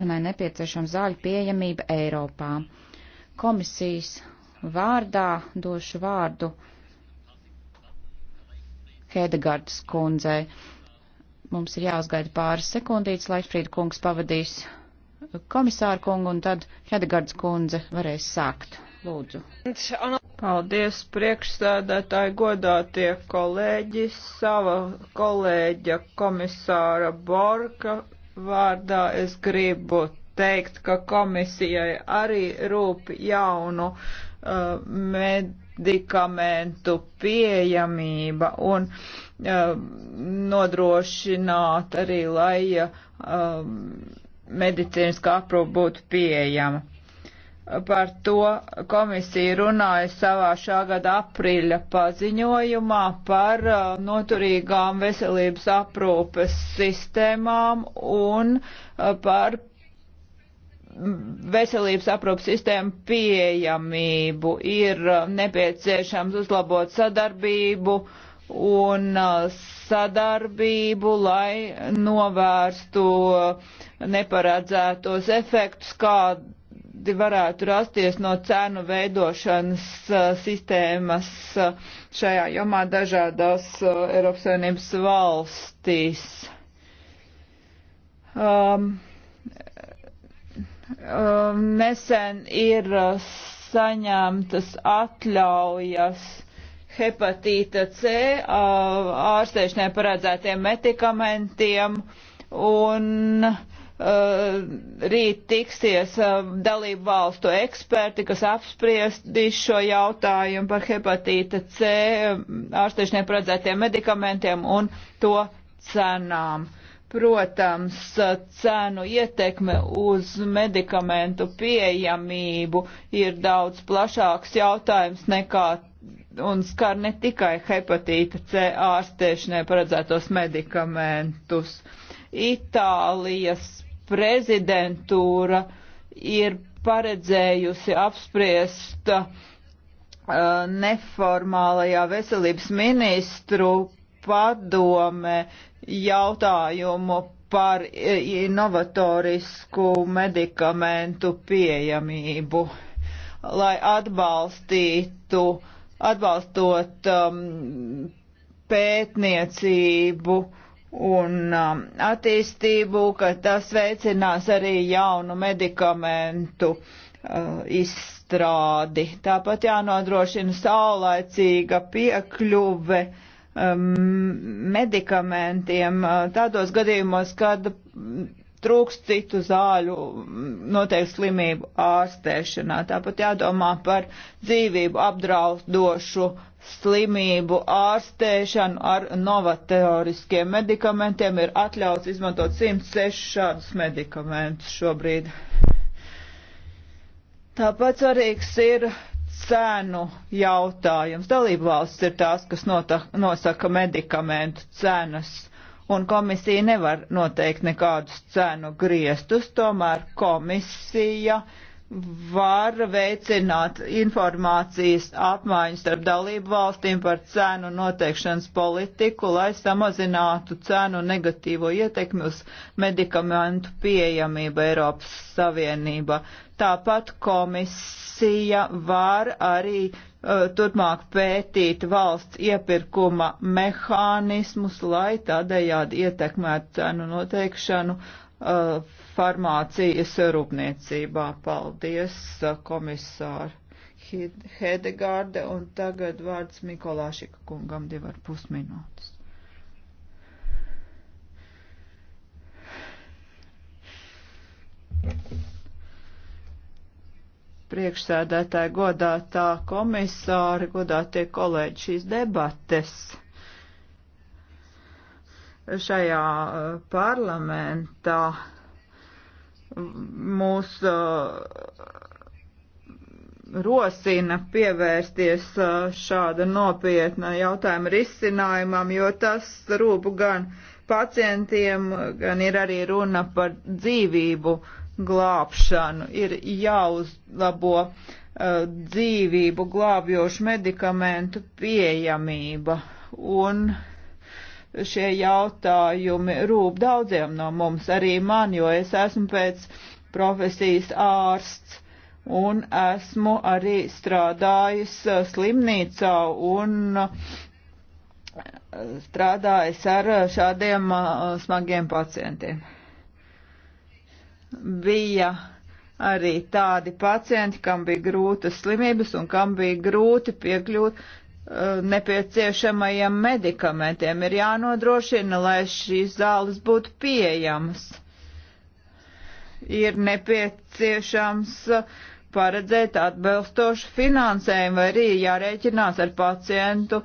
bērnai nepieciešama zāļu pieejamība Eiropā. Komisijas vārdā došu vārdu Hedegardas kundzei. Mums ir jāuzgaida pāris sekundītes, lai Frīda kungs pavadīs komisāru kungu, un tad Hedegardas kundze varēs sākt. Lūdzu. Paldies, priekšsēdētāji, godātie kolēģi, sava kolēģa komisāra Borka vārdā es gribu teikt, ka komisijai arī rūp jaunu uh, medikamentu pieejamība un uh, nodrošināt arī, lai uh, medicīniskā aprūpa būtu pieejama. Par to komisija runāja savā šā gada aprīļa paziņojumā par uh, noturīgām veselības aprūpes sistēmām un uh, par veselības aprūpas sistēmu pieejamību. Ir uh, nepieciešams uzlabot sadarbību un sadarbību, lai novērstu neparedzētos efektus, kādu efekti varētu rasties no cenu veidošanas uh, sistēmas uh, šajā jomā dažādās uh, Eiropas Savienības valstīs. Um, um, nesen ir saņemtas atļaujas hepatīta C ārstēšanai paredzētiem medikamentiem un uh, Uh, rīt tiksies uh, dalību valstu eksperti, kas apspriestīs šo jautājumu par hepatīta C um, ārsteišanai paredzētiem medikamentiem un to cenām. Protams, uh, cenu ietekme uz medikamentu pieejamību ir daudz plašāks jautājums nekā un skar ne tikai hepatīta C ārstēšanai paredzētos medikamentus. Itālijas prezidentūra ir paredzējusi apspriest uh, neformālajā veselības ministru padome jautājumu par inovatorisku uh, medikamentu pieejamību, lai atbalstītu, atbalstot um, pētniecību uh, un um, attīstību, ka tas veicinās arī jaunu medikamentu uh, izstrādi. Tāpat jānodrošina saulaicīga piekļuve um, medikamentiem uh, tādos gadījumos, kad trūks citu zāļu noteikti slimību ārstēšanā. Tāpat jādomā par dzīvību apdraudošu slimību ārstēšanu ar novatoriskiem medikamentiem ir atļauts izmantot 106 šādus medikamentus šobrīd. Tāpat svarīgs ir cenu jautājums. Dalību valsts ir tās, kas nosaka medikamentu cenas, un komisija nevar noteikt nekādus cenu griestus, tomēr komisija uh, var veicināt informācijas apmaiņu starp dalību valstīm par cenu noteikšanas politiku, lai samazinātu cenu negatīvo ietekmi uz medikamentu pieejamību Eiropas Savienībā. Tāpat komisija var arī uh, turpmāk pētīt valsts iepirkuma mehānismus, lai tādējādi ietekmētu cenu noteikšanu uh, farmācijas rūpniecībā. Paldies, komisāri Hedegārde, un tagad vārds Mikolāšika kungam divi ar pus minūtes. Priekšsēdētāji godātā komisāri, godātie kolēģi šīs debates šajā parlamentā mūs uh, rosina pievērsties uh, šāda nopietna jautājuma risinājumam, jo tas rūp gan pacientiem, gan ir arī runa par dzīvību glābšanu. Ir jāuzlabo uh, dzīvību glābjošu medikamentu pieejamība un uh, šie jautājumi rūp daudziem no mums, arī man, jo es esmu pēc profesijas ārsts un esmu arī strādājis uh, slimnīcā un uh, strādājis ar uh, šādiem smagiem pacientiem. Bija arī tādi pacienti, kam bija grūtas slimības un kam bija grūti piekļūt Eh, nepieciešamajiem medikamentiem. Ir jānodrošina, lai šīs zāles būtu pieejamas. Ir nepieciešams eh, paredzēt atbilstošu finansējumu, vai arī jārēķinās ar pacientu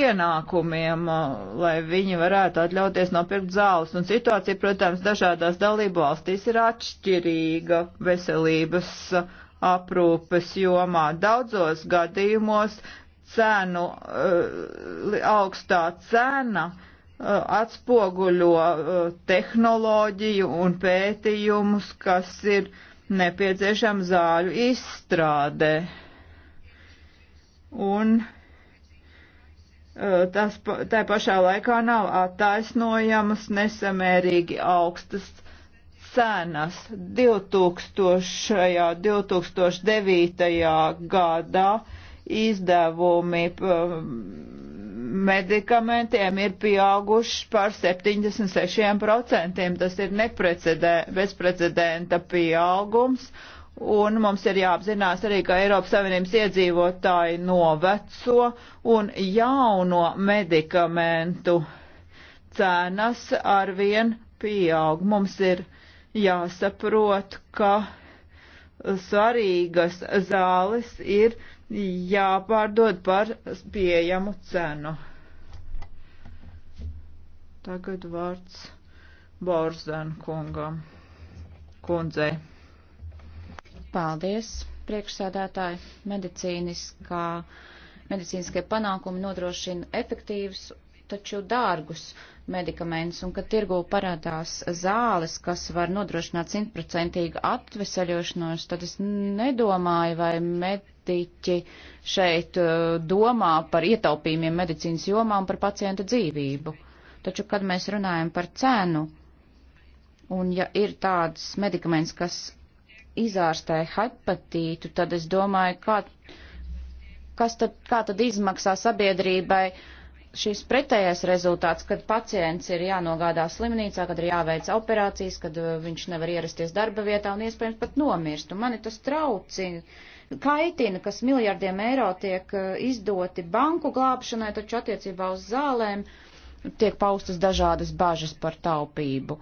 ienākumiem, eh, lai viņi varētu atļauties nopirkt zāles. Un situācija, protams, dažādās dalību valstīs ir atšķirīga veselības aprūpes jomā. Daudzos gadījumos cenu, eh, augstā cena eh, atspoguļo eh, tehnoloģiju un pētījumus, kas ir nepieciešami zāļu izstrādē. Un tas tā pašā laikā nav attaisnojamas nesamērīgi augstas cenas 2000. 2009. gadā izdevumi medikamentiem ir pieauguši par 76%. Tas ir bezprecedenta pieaugums. Un mums ir jāapzinās arī, ka Eiropas Savienības iedzīvotāji noveco un jauno medikamentu cenas arvien pieaug. Mums ir jāsaprot, ka svarīgas zāles ir jāpārdod par pieejamu cenu. Tagad vārds Borzan kungam. Kundzei. Paldies, priekšsēdētāji. Medicīniskā, medicīniskie panākumi nodrošina efektīvus, taču dārgus medikamentus, un kad tirgū parādās zāles, kas var nodrošināt simtprocentīgu atveseļošanos, tad es nedomāju, vai med politiķi šeit uh, domā par ietaupījumiem medicīnas jomā un par pacienta dzīvību. Taču, kad mēs runājam par cenu, un ja ir tāds medikaments, kas izārstē hepatītu, tad es domāju, kā, kas tad, kā tad izmaksā sabiedrībai uh, šis pretējais rezultāts, kad pacients ir jānogādā slimnīcā, kad ir jāveic operācijas, kad uh, viņš nevar ierasties darba vietā un iespējams pat nomirst. Un mani tas traucina, kaitina, kas miljardiem eiro tiek eh, izdoti banku glābšanai, taču attiecībā uz zālēm tiek paustas dažādas bažas par taupību.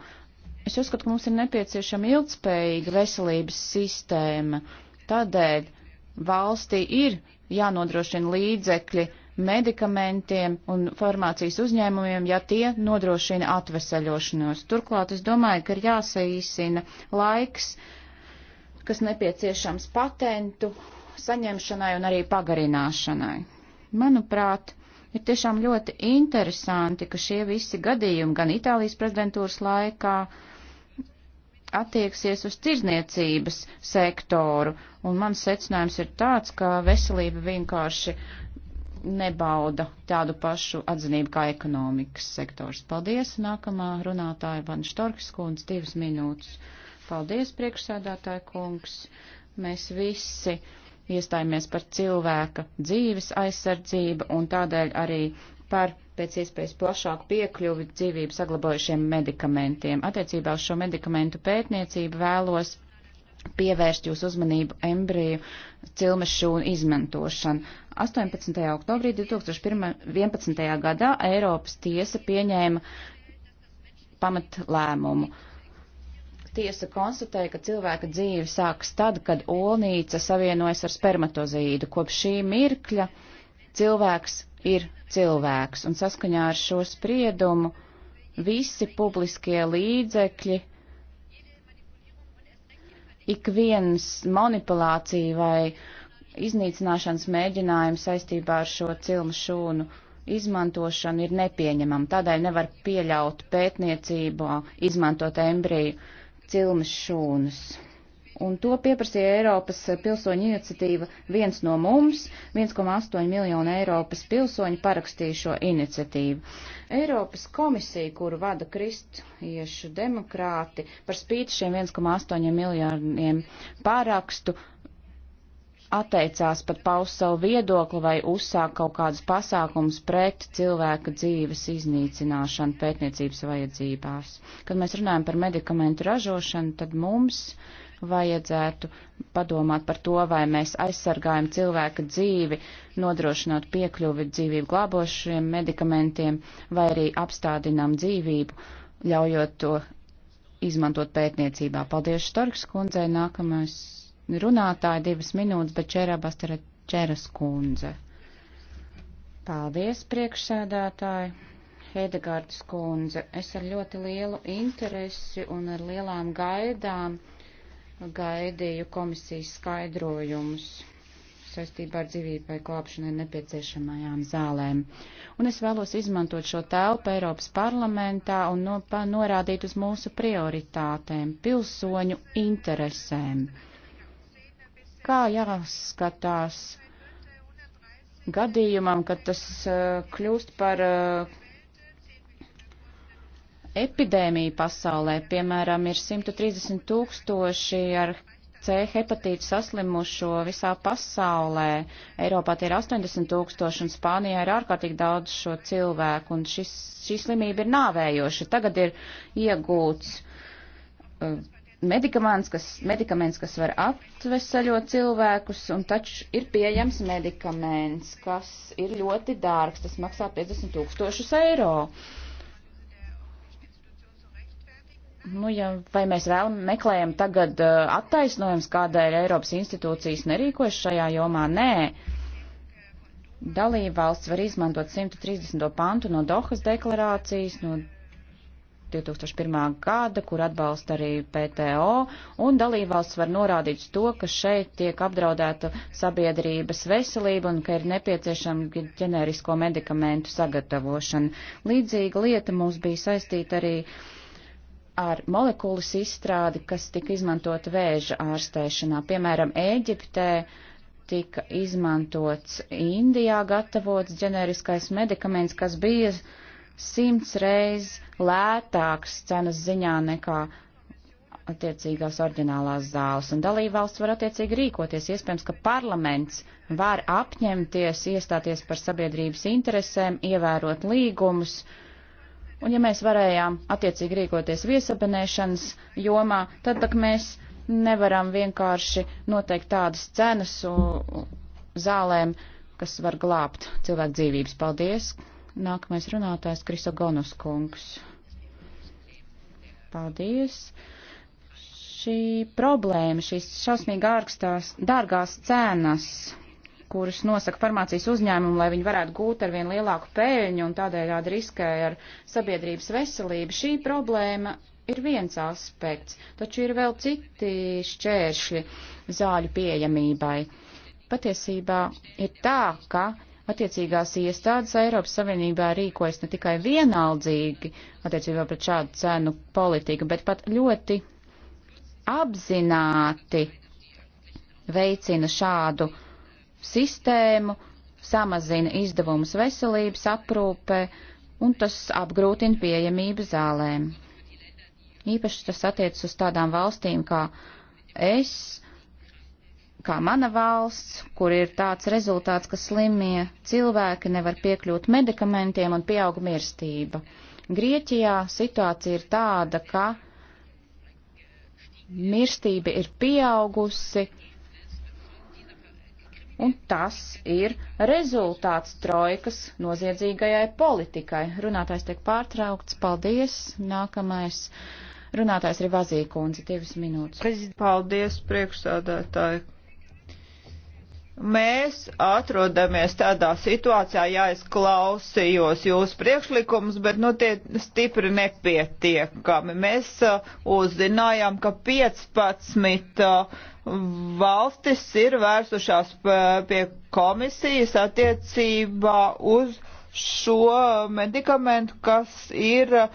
Es uzskatu, ka mums ir nepieciešama ilgspējīga veselības sistēma. Tādēļ valstī ir jānodrošina līdzekļi medikamentiem un farmācijas uzņēmumiem, ja tie nodrošina atveseļošanos. Turklāt es domāju, ka ir jāsaīsina laiks kas nepieciešams patentu saņemšanai un arī pagarināšanai. Manuprāt, ir tiešām ļoti interesanti, ka šie visi gadījumi gan Itālijas prezidentūras laikā attieksies uz tirzniecības sektoru, un mans secinājums ir tāds, ka veselība vienkārši nebauda tādu pašu atzinību kā ekonomikas sektors. Paldies! Nākamā runātāja Van Štorkskundze, divas minūtes. Paldies, priekšsēdētāja kungs. Mēs visi iestājāmies par cilvēka dzīves aizsardzību un tādēļ arī par pēc iespējas plašāku piekļuvi dzīvību saglabājušiem medikamentiem. Attiecībā uz šo medikamentu pētniecību vēlos pievērst jūsu uzmanību embriju cilmešūnu izmantošanu. 18. oktobrī 2011. gadā Eiropas tiesa pieņēma pamatlēmumu. Tiesa konstatēja, ka cilvēka dzīve sākas tad, kad olnīca savienojas ar spermatozīdu. Kopš šī mirkļa cilvēks ir cilvēks, un saskaņā ar šo spriedumu visi publiskie līdzekļi, ik viens manipulācija vai iznīcināšanas mēģinājums saistībā ar šo cilmu šūnu izmantošanu ir nepieņemama. Tādēļ nevar pieļaut pētniecību, izmantot embriju. Uh, cilmes šūnas. Un to pieprasīja Eiropas pilsoņu iniciatīva viens no mums, 1,8 miljonu Eiropas pilsoņu parakstīja šo iniciatīvu. Eiropas komisija, kuru vada kristiešu demokrāti, par spīti šiem 1,8 miljoniem pārakstu, uh, atteicās pat paust savu viedokli vai uzsākt kaut kādus pasākumus pret cilvēka dzīves iznīcināšanu pētniecības vajadzībās. Kad mēs runājam par medikamentu ražošanu, tad mums vajadzētu padomāt par to, vai mēs aizsargājam cilvēka dzīvi, nodrošinot piekļuvi dzīvību glābošiem medikamentiem, vai arī apstādinām dzīvību, ļaujot to izmantot pētniecībā. Paldies Štorks kundzei, nākamais runātāji divas minūtes, bet Čerabas ir Čeras kundze. Paldies, priekšsēdētāji. Hedegārdas kundze, es ar ļoti lielu interesi un ar lielām gaidām gaidīju komisijas skaidrojumus saistībā ar dzīvībai klāpšanai nepieciešamajām zālēm. Un es vēlos izmantot šo telpu Eiropas parlamentā un no, pa, norādīt uz mūsu prioritātēm, pilsoņu interesēm kā jāskatās gadījumam, kad tas eh, kļūst par eh, epidēmiju pasaulē. Piemēram, ir 130 tūkstoši ar C hepatītu saslimušo visā pasaulē. Eiropā tie ir 80 tūkstoši un Spānijā ir ārkārtīgi daudz šo cilvēku, un šis, šī slimība ir nāvējoša. Tagad ir iegūts uh, medikaments, kas, medikaments, kas var atvesaļot cilvēkus, un taču ir pieejams medikaments, kas ir ļoti dārgs, tas maksā 50 tūkstošus eiro. Nu, ja, vai mēs vēl meklējam tagad uh, attaisnojums, kādēļ Eiropas institūcijas nerīkojas šajā jomā? Nē. Dalība valsts var izmantot 130. pantu no Dohas deklarācijas, no 2001. gada, kur atbalsta arī PTO, un dalībvalsts var norādīt to, ka šeit tiek apdraudēta sabiedrības veselība un ka ir nepieciešama ģenerisko medikamentu sagatavošana. Līdzīga lieta mums bija saistīta arī ar molekulas izstrādi, kas tika izmantota vēža ārstēšanā. Piemēram, Ēģiptē tika izmantots Indijā gatavots ģeneriskais medikaments, kas bija uh, simts reizes lētāks cenas ziņā nekā attiecīgās orģinālās zāles, un dalībvalsts var attiecīgi rīkoties. Iespējams, ka parlaments var apņemties iestāties par sabiedrības interesēm, ievērot līgumus, un ja mēs varējām attiecīgi rīkoties viesabenēšanas jomā, tad tak mēs nevaram vienkārši noteikt tādas cenas zālēm, kas var glābt cilvēku dzīvības. Paldies! Nākamais runātājs Krisogonus kungs. Paldies. Šī problēma, šīs šausmīgi ārkstās, dārgās cenas, kuras nosaka farmācijas uzņēmumu, lai viņi varētu gūt ar vien lielāku pēļņu un tādējādi riskē ar sabiedrības veselību. Šī problēma ir viens aspekts, taču ir vēl citi šķēršļi zāļu pieejamībai. Patiesībā ir tā, ka attiecīgās iestādes Eiropas Savienībā rīkojas ne tikai vienaldzīgi attiecībā pret šādu cenu politiku, bet pat ļoti apzināti veicina šādu sistēmu, samazina izdevumus veselības aprūpē, un tas apgrūtina pieejamību zālēm. Īpaši tas attiecas uz tādām valstīm kā es, kā mana valsts, kur ir tāds rezultāts, ka slimie cilvēki nevar piekļūt medikamentiem un pieauga mirstība. Grieķijā situācija ir tāda, ka mirstība ir pieaugusi, un tas ir rezultāts trojkas noziedzīgajai politikai. Runātājs tiek pārtraukts. Paldies. Nākamais runātājs ir Vazīkundze. Divas minūtes. Paldies, priekšsādātāji Mēs atrodamies tādā situācijā, ja es klausījos jūsu priekšlikumus, bet nu tie stipri nepietiekami. Mēs uh, uzzinājām, ka 15 uh, valstis ir vērsušās uh, pie komisijas attiecībā uz šo medikamentu, kas ir eh,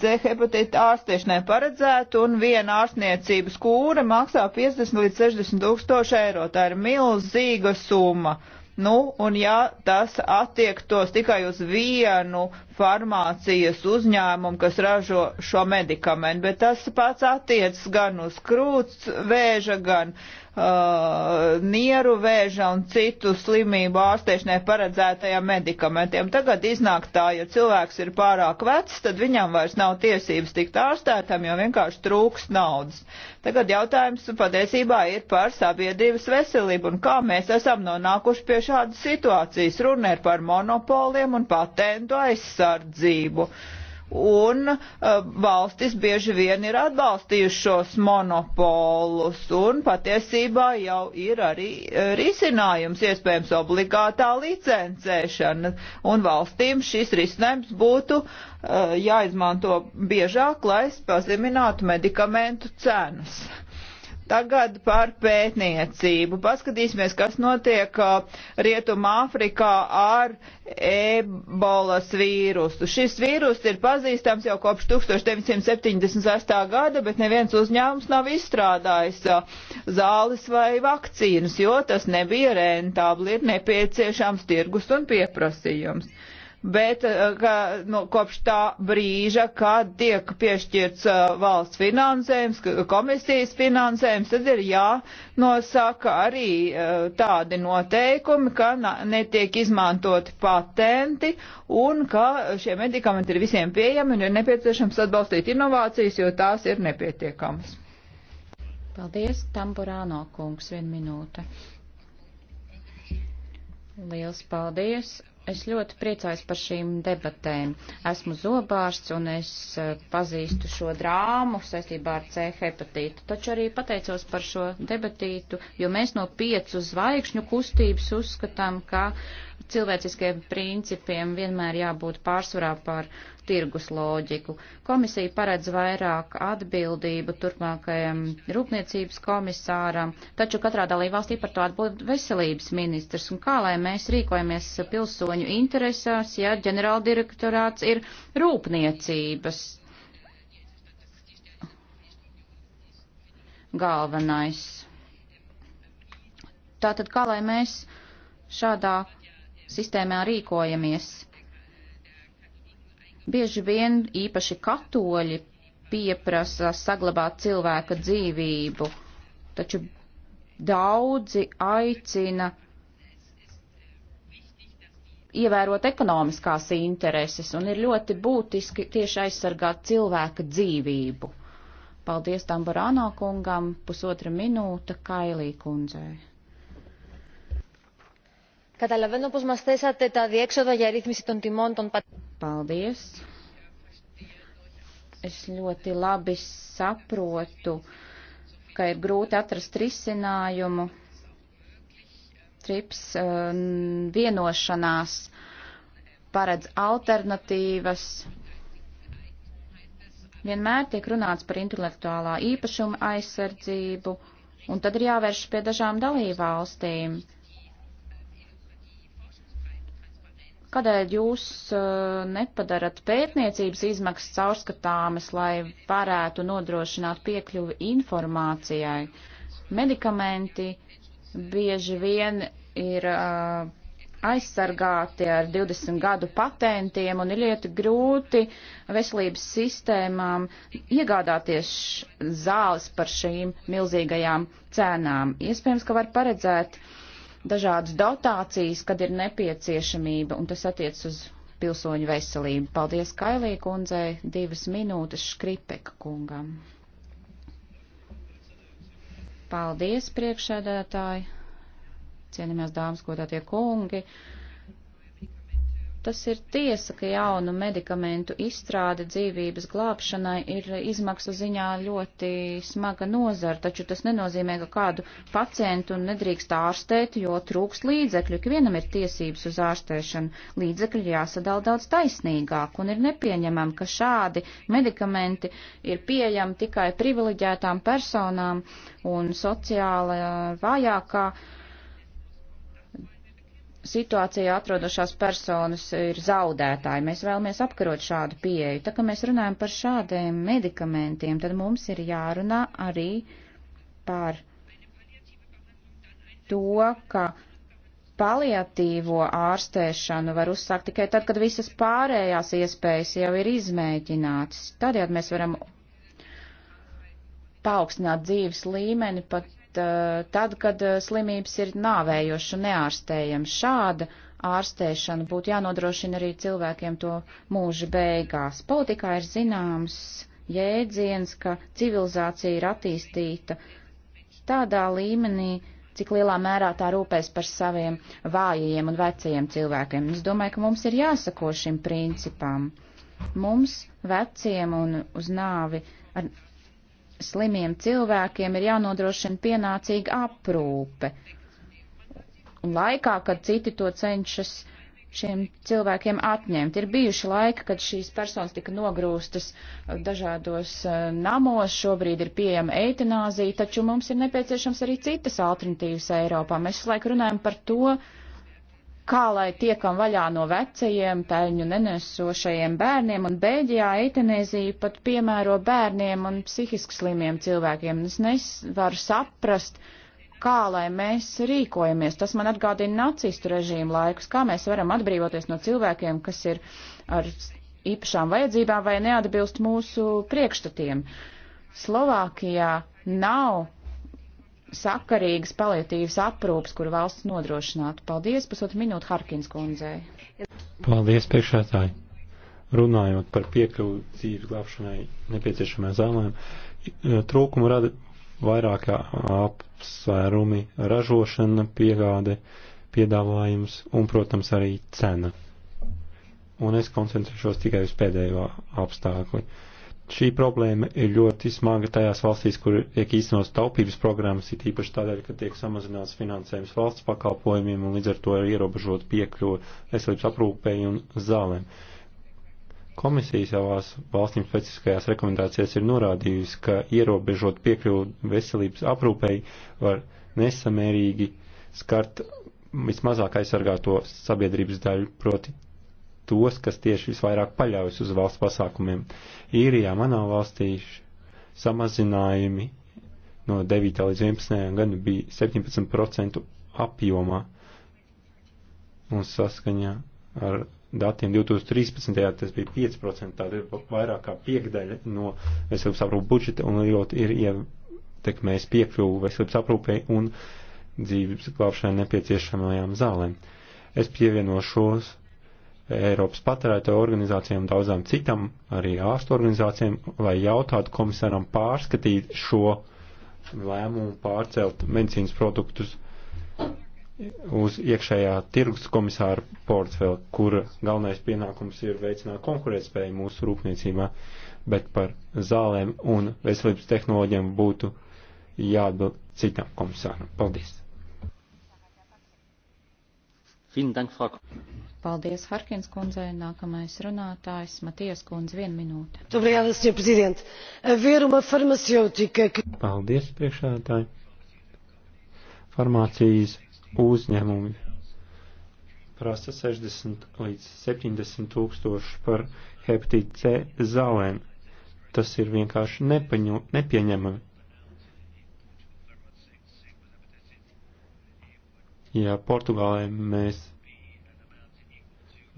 C hepatīta ārstiešanai paredzēta, un viena ārstniecības kūra maksā 50 līdz 60 tūkstoši eiro. Tā ir milzīga summa. Nu, un ja tas attiektos tikai uz vienu farmācijas uzņēmumu, kas ražo šo medikamentu, bet tas pats attiec gan uz krūts vēža, gan uh, nieru vēža un citu slimību ārstēšanai paredzētajiem medikamentiem. Tagad iznāk tā, ja cilvēks ir pārāk vecs, tad viņam vairs nav tiesības tikt ārstētam, jo vienkārši trūks naudas. Tagad jautājums patiesībā ir par sabiedrības veselību un kā mēs esam nonākuši pie šādas situācijas. Runa ir par monopoliem un patentu aizsardzību aizsardzību. Un uh, valstis bieži vien ir atbalstījušos monopolus, un patiesībā jau ir arī eh, risinājums, iespējams, obligātā licencēšana, un valstīm šis risinājums būtu uh, jāizmanto biežāk, lai pazeminātu medikamentu cenas. Tagad par pētniecību. Paskatīsimies, kas notiek uh, Rietumā Afrikā ar ebolas vīrusu. Šis vīrus ir pazīstams jau kopš 1978. gada, bet neviens uzņēmums nav izstrādājis uh, zāles vai vakcīnas, jo tas nebija rentābli, ir nepieciešams tirgus un pieprasījums bet eh, ka, nu, kopš tā brīža, kad tiek piešķirts eh, valsts finansējums, komisijas finansējums, tad ir jānosaka arī eh, tādi noteikumi, ka netiek izmantoti patenti un ka šie medikamenti ir visiem pieejami un ir nepieciešams atbalstīt inovācijas, jo tās ir nepietiekamas. Paldies, Tamburāno kungs, viena minūte. Liels paldies! Es ļoti priecājos par šīm debatēm. Esmu zobārsts un es e, pazīstu šo drāmu saistībā ar C hepatītu, taču arī pateicos par šo debatītu, jo mēs no piecu zvaigžņu kustības uzskatām, ka cilvēciskiem principiem vienmēr jābūt pārsvarā par tirgus loģiku. Komisija paredz vairāk atbildību turpmākajam rūpniecības komisāram, taču katrā dalībvalstī par to atbild veselības ministrs. Un kā lai mēs rīkojamies pilsoņu interesēs, ja ģenerāldirektorāts ir rūpniecības galvenais. Tātad kā lai mēs šādā sistēmā rīkojamies? Bieži vien īpaši katoļi pieprasa saglabāt cilvēka dzīvību, taču daudzi aicina ievērot ekonomiskās intereses un ir ļoti būtiski tieši aizsargāt cilvēka dzīvību. Paldies Tamburāno kungam, pusotra minūte Kailī kundzei. Καταλαβαίνω πως μας θέσατε τα διέξοδα για ρύθμιση των τιμών των Paldies. Es ļoti labi saprotu, ka ir grūti atrast risinājumu trips eh, vienošanās paredz alternatīvas. Vienmēr tiek runāts par intelektuālā īpašuma aizsardzību, un tad ir jāvērš pie dažām dalībvalstīm. valstīm Kādēļ jūs uh, nepadarat pētniecības izmaksas caurskatāmas, lai varētu nodrošināt piekļuvi informācijai? Medikamenti bieži vien ir uh, aizsargāti ar 20 gadu patentiem un ir ļoti grūti veselības sistēmām iegādāties zāles par šīm milzīgajām cenām. Iespējams, ka var paredzēt uh, dažādas dotācijas, kad ir nepieciešamība, un tas attiec uz pilsoņu veselību. Paldies Kailī kundzei, divas minūtes Škripeka kungam. Paldies, priekšsēdētāji, cienījamās dāmas, godātie kungi. Tas ir tiesa, ka jaunu medikamentu izstrāde dzīvības glābšanai ir izmaksu ziņā ļoti smaga nozara, taču tas nenozīmē, ka kādu pacientu nedrīkst ārstēt, jo trūks līdzekļu. Ikvienam ir tiesības uz ārstēšanu. Līdzekļi jāsadala daudz taisnīgāk un ir nepieņemam, ka šādi medikamenti ir pieejami tikai privileģētām personām un sociāli vājākā. Uh, situācijā atrodošās personas ir zaudētāji. Mēs vēlamies apkarot šādu pieeju. Tā kā mēs runājam par šādiem medikamentiem, tad mums ir jārunā arī par to, ka paliatīvo ārstēšanu var uzsākt tikai tad, kad visas pārējās iespējas jau ir izmēģinātas. Tādējādi mēs varam paaugstināt dzīves līmeni pat Eh, tad, kad eh, slimības ir nāvējošas un neārstējams. Šāda ārstēšana būtu jānodrošina arī cilvēkiem to mūža beigās. Politikā ir zināms jēdziens, ka civilizācija ir attīstīta tādā līmenī, cik lielā mērā tā rūpēs par saviem vājajiem un vecajiem cilvēkiem. Es domāju, ka mums ir jāsako šim principam. Mums, veciem un uz nāvi, ar slimiem cilvēkiem ir jānodrošina pienācīga aprūpe. Un laikā, kad citi to cenšas šiem cilvēkiem atņemt, ir bijuši laika, kad šīs personas tika nogrūstas uh, dažādos uh, namos, šobrīd ir pieejama eitanāzija, taču mums ir nepieciešams arī citas alternatīvas Eiropā. Mēs visu laiku runājam par to, uh, kā lai tiekam vaļā no vecajiem peļņu nenesošajiem bērniem, un Bēļģijā eitanēzija pat piemēro bērniem un psihiski slimiem cilvēkiem. Es nevaru saprast, kā lai mēs rīkojamies. Tas man atgādina nacistu režīmu laikus, kā mēs varam atbrīvoties no cilvēkiem, kas ir ar īpašām vajadzībām vai neatbilst mūsu priekšstatiem. Slovākijā nav sakarīgas palietīvas aprūpas, kuru valsts nodrošinātu. Paldies, pusotru minūtu Harkins kundzei. Paldies, priekšētāji. Runājot par piekļuvu dzīves glābšanai nepieciešamajām zālēm, trūkumu rada vairāk apsvērumi - ražošana, piegāde, piedāvājums un, protams, arī cena. Un es koncentrēšos tikai uz pēdējo apstākli. Uh, Šī problēma ir ļoti smaga tajās valstīs, kur tiek īstenos taupības programmas, it īpaši tādēļ, ka tiek samazināts finansējums valsts pakalpojumiem un līdz ar to ir ierobežot piekļuvu veselības aprūpēji un zālēm. Komisija savās valstīm specifiskajās rekomendācijās ir norādījusi, ka ierobežot piekļuvu veselības aprūpēji var nesamērīgi skart vismazāk aizsargāto sabiedrības daļu, proti tos, kas tieši visvairāk paļaujas uz valsts pasākumiem. Īrijā, manā valstī, samazinājumi no 9. līdz 11. gadu bija 17% apjomā un saskaņā ar datiem 2013. tas bija 5%, tāda ir vairāk kā piekdaļa no veselības aprūpas budžeta un ļoti ir ietekmējis piekļuvu veselības aprūpei un dzīves glābšanai nepieciešamajām zālēm. Es pievienošos Eiropas patērētāju organizācijām, daudzām citam, arī ārstu organizācijām, lai jautātu komisaram pārskatīt šo lēmumu pārcelt medicīnas produktus uz iekšējā tirgus komisāra portfeli, kur galvenais pienākums ir veicināt konkurētspēju mūsu rūpniecībā, bet par zālēm un veselības tehnoloģiem būtu jāatbild citam komisāram. Paldies! Vielen Dank, Frau Paldies Harkins kundzei. Nākamais runātājs Matijas kundze, viena minūte. Obrigada, senhor prezidente. Haver uma farmacêutica que... Paldies, priekšādāji. Farmācijas uzņēmumi prasa 60 līdz 70 tūkstoši par hepatītu C zālēm. Tas ir vienkārši nepaņu, nepieņemami. Ja Portugālē mēs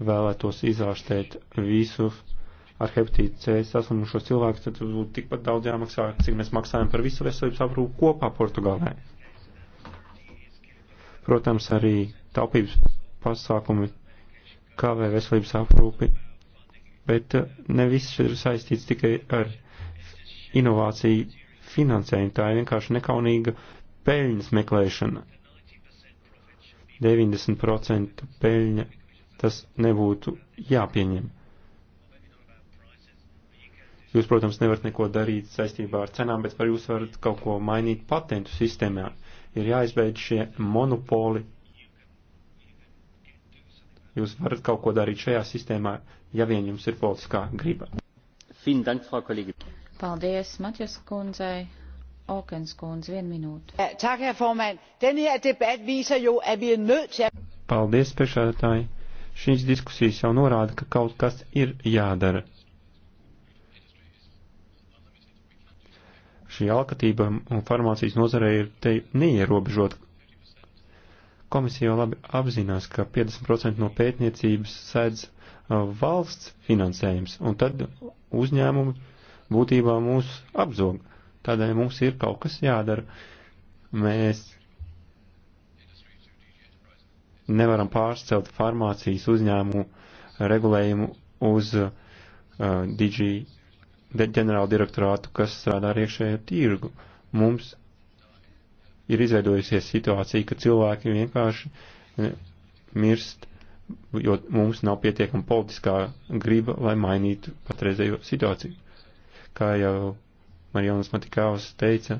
vēlētos izārstēt visus ar hepatītu C saslimušos cilvēkus, tad būtu tikpat daudz jāmaksā, cik mēs maksājam par visu veselības aprūpu kopā Portugālē. Protams, arī taupības pasākumi kavē veselības aprūpi, bet eh, ne viss ir saistīts tikai ar inovāciju finansējumu, tā ir vienkārši nekaunīga peļņas meklēšana. 90% peļņa tas nebūtu jāpieņem. Jūs, protams, nevarat neko darīt saistībā ar cenām, bet var jūs varat kaut ko mainīt patentu sistēmā. Ir jāizbeidz šie monopoli. Jūs varat kaut ko darīt šajā sistēmā, ja vien jums ir politiskā griba. Paldies, Matjas kundzei. Okens kundze, vien minūte. Tak, herr formand. Den her debat viser jo, at vi er nødt til at... Paldies, priekšādātāji. Šīs diskusijas jau norāda, ka kaut kas ir jādara. Šī alkatība un farmācijas nozarei ir te neierobežota. Komisija jau labi apzinās, ka 50% no pētniecības sēdz uh, valsts finansējums, un tad uzņēmumi būtībā mūs apzog. Tādēļ mums ir kaut kas jādara. Mēs nevaram pārcelt farmācijas uzņēmumu regulējumu uz uh, DG ģenerāla direktorātu, kas strādā ar iekšējo tirgu. Mums ir izveidojusies situācija, ka cilvēki vienkārši uh, mirst, jo mums nav pietiekama politiskā griba, lai mainītu patreizējo situāciju. Kā jau Marijonas Matikāvas teica,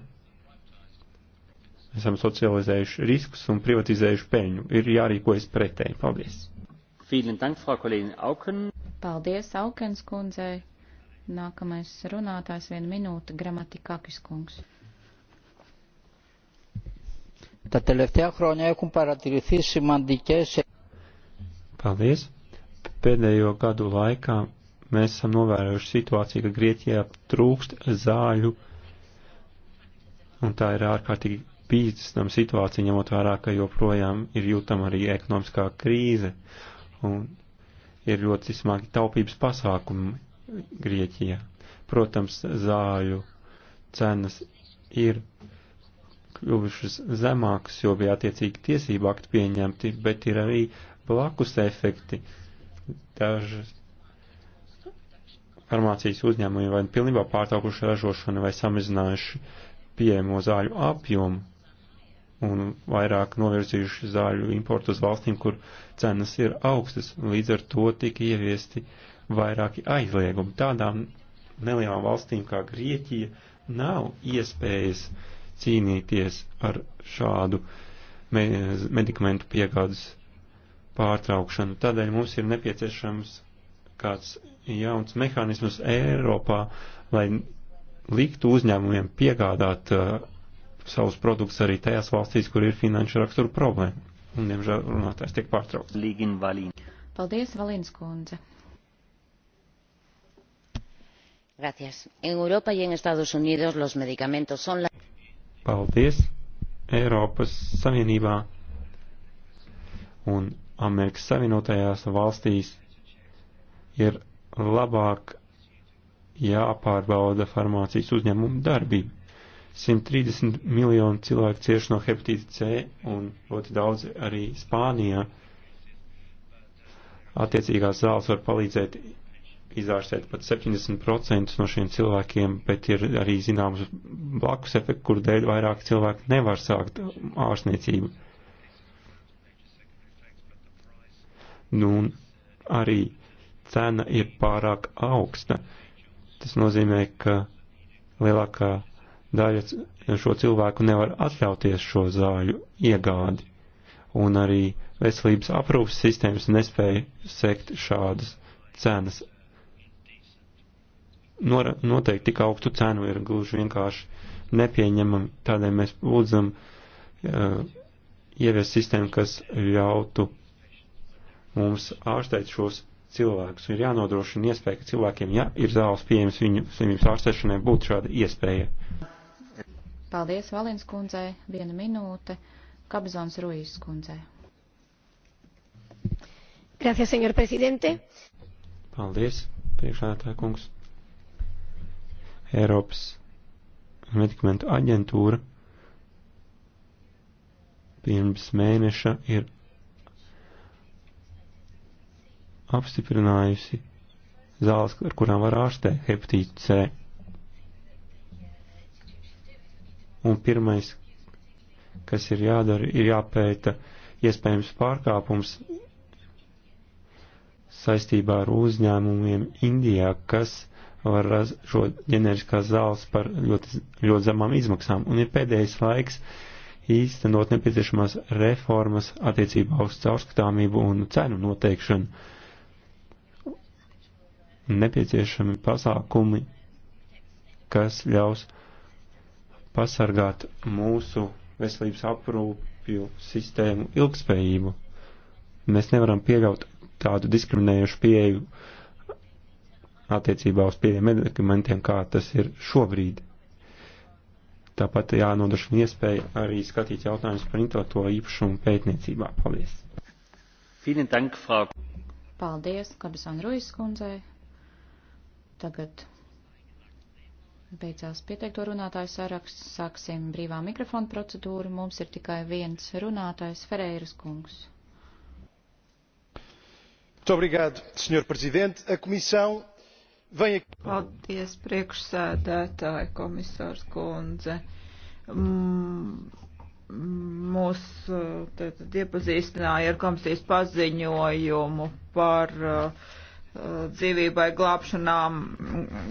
esam socializējuši riskus un privatizējuši peļņu. Ir jārīkojas pretēji. Paldies! Paldies, Aukens kundzei! Nākamais runātājs viena minūte - gramatikākis kungs. Τα τελευταία χρόνια έχουν παρατηρηθεί σημαντικές... Paldies! Pēdējo gadu laikā mēs esam novērojuši situāciju, ka Grieķijā trūkst zāļu, un tā ir ārkārtīgi bīstam situācija, ņemot vērā, ka joprojām ir jūtama arī ekonomiskā krīze un ir ļoti smagi taupības pasākumi Grieķijā. Protams, zāļu cenas ir kļuvušas zemākas, jo bija attiecīgi tiesību akti pieņemti, bet ir arī blakus efekti. Dažas farmācijas uzņēmumi vai pilnībā pārtraukuši ražošanu vai samazinājuši pieejamo zāļu apjomu un vairāk novirzījuši zāļu importu uz valstīm, kur cenas ir augstas. Līdz ar to tika ieviesti vairāki aizliegumi. Tādām nelielām valstīm kā Grieķija nav iespējas cīnīties ar šādu me medikamentu piegādes pārtraukšanu. Tādēļ mums ir nepieciešams kāds jauns mehānismus Eiropā, lai liktu uzņēmumiem piegādāt uh, savus produktus arī tajās valstīs, kur ir finanšu rakstura problēma. Un, diemžēl, runātājs tiek pārtraukts. Līgin Valīna. Paldies, Valīnas kundze. Gracias. En Europa y en Estados Unidos los medicamentos son la... Paldies. Eiropas Savienībā un Amerikas Savienotajās valstīs ir labāk jāpārbauda farmācijas uzņēmumu darbību. 130 miljonu cilvēku cieši no hepatīta C un ļoti daudz arī Spānijā. Attiecīgās zāles var palīdzēt izārstēt pat 70% no šiem cilvēkiem, bet ir arī zināms blakus efekts, kur dēļ vairāk cilvēku nevar sākt ārstniecību. Nu, un arī cena ir pārāk augsta. Tas nozīmē, ka lielākā daļa šo cilvēku nevar atļauties šo zāļu iegādi, un arī veselības aprūpas sistēmas nespēja sekt šādas cenas. Nora, noteikti tik augstu cenu ir gluži vienkārši nepieņemami, tādēļ mēs lūdzam uh, ievies sistēmu, kas ļautu mums ārstēt šos cilvēkus. Ir jānodrošina iespēja, ka cilvēkiem, ja ir zāles pieejamas viņu slimības ārstēšanai, būtu šāda iespēja. Paldies Valins kundzei, viena minūte, Kabzons Ruijas kundzei. Gracias, señor presidente. Paldies, priekšādātā kungs. Eiropas medikamentu aģentūra pirms mēneša ir apstiprinājusi zāles, ar kurām var ārstēt hepatītu C. Un pirmais, kas ir jādara, ir jāpēta iespējams pārkāpums saistībā ar uzņēmumiem Indijā, kas var ražot ģeneriskās zāles par ļoti, ļoti zemām izmaksām. Un ir pēdējais laiks īstenot nepieciešamās reformas attiecībā uz caurskatāmību un cenu noteikšanu. Nepieciešami pasākumi, kas ļaus pasargāt mūsu veselības aprūpju sistēmu ilgspējību. Mēs nevaram pieļaut tādu diskriminējušu pieeju attiecībā uz pieejiem medikamentiem, kā tas ir šobrīd. Tāpat jānodrošina iespēja arī skatīt jautājumus par intelektuālo īpašumu pētniecībā. Paldies! Paldies, Kabisona Ruijas kundzei. Tagad Beidzās pieteikto runātāju saraksts. Sāksim brīvā mikrofona procedūru. Mums ir tikai viens runātājs - Ferreiras kungs. Obrigado, Sr. Presidente. A Comissão vem aqui. Paldies, priekšsēdētāji, komisārs Kundze. Mm mūs tātad uh, iepazīstināja ar komisijas paziņojumu par uh, dzīvībai glābšanām,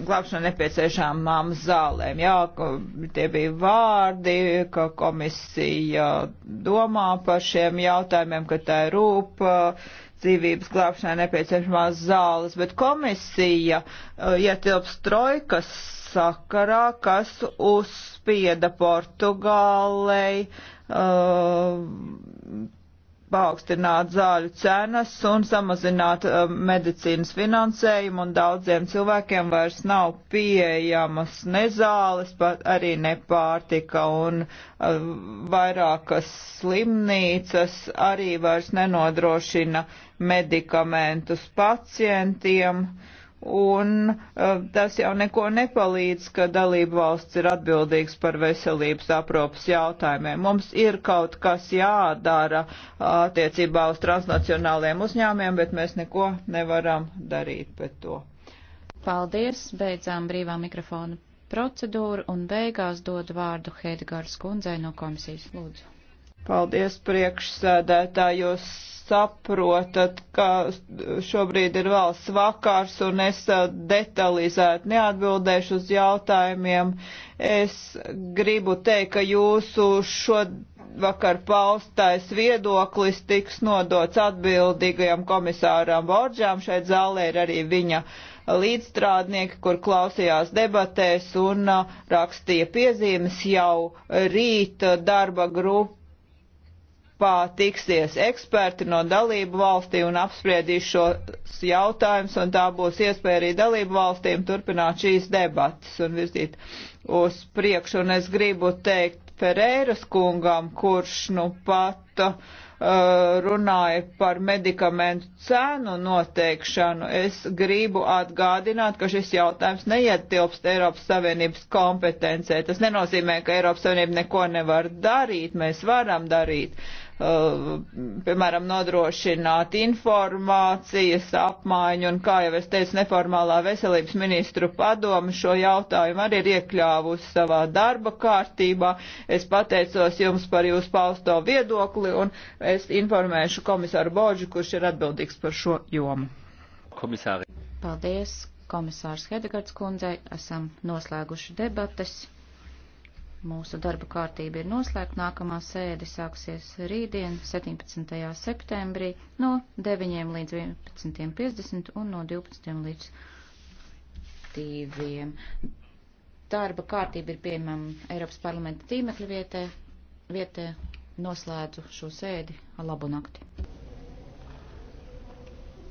glābšanai nepieciešamām zālēm. Jā, tie bija vārdi, ka komisija domā par šiem jautājumiem, ka tā ir rūpa dzīvības glābšanai nepieciešamās zāles, bet komisija uh, ietilps trojkas sakarā, kas uzspieda Portugālei uh, paaugstināt zāļu cenas un samazināt uh, medicīnas finansējumu, un daudziem cilvēkiem vairs nav pieejamas ne zāles, pat arī ne pārtika, un uh, vairākas slimnīcas arī vairs nenodrošina medikamentus pacientiem. Uh, Un eh, tas jau neko nepalīdz, ka dalību valsts ir atbildīgs par veselības aprūpas jautājumiem. Mums ir kaut kas jādara eh, attiecībā uz transnacionāliem uzņēmiem, bet mēs neko nevaram darīt pret to. Paldies, beidzām brīvā mikrofona procedūru un beigās dodu vārdu Heidgārs kundzei no komisijas. Lūdzu. Paldies priekšsēdētāji, jūs saprotat, ka šobrīd ir valsts vakars un es detalizēti neatbildēšu uz jautājumiem. Es gribu teikt, ka jūsu šovakar paustais viedoklis tiks nodots atbildīgajam komisāram Borģām. Šeit zālē ir arī viņa līdzstrādnieki, kur klausījās debatēs un rakstīja piezīmes jau rīt darba grupu Eiropā tiksies eksperti no dalību valstī un apspriedīs šos jautājumus, un tā būs iespēja arī dalību valstīm turpināt šīs debatas un virzīt uz priekšu. Un es gribu teikt Ferēras kungam, kurš nu pat uh, runāja par medikamentu cenu noteikšanu. Es gribu atgādināt, ka šis jautājums neietilpst Eiropas Savienības kompetencē. Tas nenozīmē, ka Eiropas Savienība neko nevar darīt, mēs varam darīt Uh, piemēram, nodrošināt informācijas apmaiņu, un, kā jau es teicu, neformālā veselības ministru padoma šo jautājumu arī ir iekļāvusi savā darba kārtībā. Es pateicos jums par jūsu pausto viedokli, un es informēšu komisāru Boģu, kurš ir atbildīgs par šo jomu. Komisāri. Paldies, komisārs Hedegards kundzei. Esam noslēguši debates. Mūsu darba kārtība ir noslēgta. Nākamā sēde sāksies rītdien, 17. septembrī, no 9. līdz 11.50 un no 12. līdz 2. Darba kārtība ir pieejama Eiropas parlamenta tīmekļa vietē. vietē noslēdzu šo sēdi. Labu nakti!